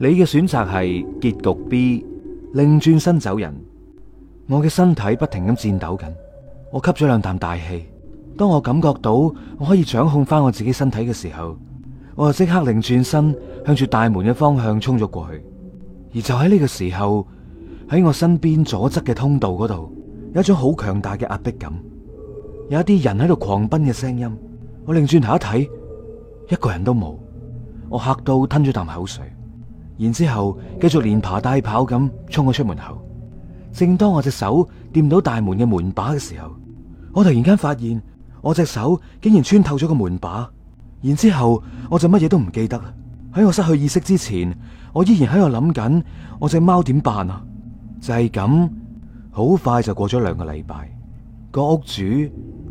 你嘅選擇係結局 B，擰轉身走人。我嘅身體不停咁顫抖緊，我吸咗兩啖大氣。當我感覺到我可以掌控翻我自己身體嘅時候，我就即刻擰轉身向住大門嘅方向衝咗過去。而就喺呢個時候，喺我身邊左側嘅通道嗰度，有一種好強大嘅壓迫感，有一啲人喺度狂奔嘅聲音。我擰轉頭一睇，一個人都冇，我嚇到吞咗啖口水。然之後繼續連爬帶跑咁衝我出門口。正當我隻手掂到大門嘅門把嘅時候，我突然間發現我隻手竟然穿透咗個門把。然之後我就乜嘢都唔記得啦。喺我失去意識之前，我依然喺度諗緊我隻貓點辦啊？就係咁，好快就過咗兩個禮拜。個屋主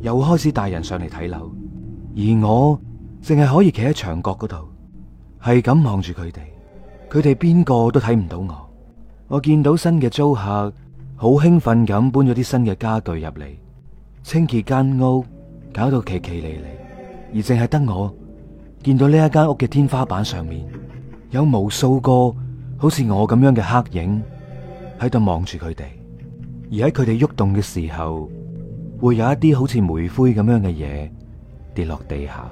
又開始帶人上嚟睇樓，而我淨係可以企喺牆角嗰度，係咁望住佢哋。佢哋邊個都睇唔到我，我見到新嘅租客好興奮咁搬咗啲新嘅家具入嚟，清潔間屋搞到奇奇離離，而淨係得我見到呢一間屋嘅天花板上面有無數個好似我咁樣嘅黑影喺度望住佢哋，而喺佢哋喐動嘅時候，會有一啲好似煤灰咁樣嘅嘢跌落地下。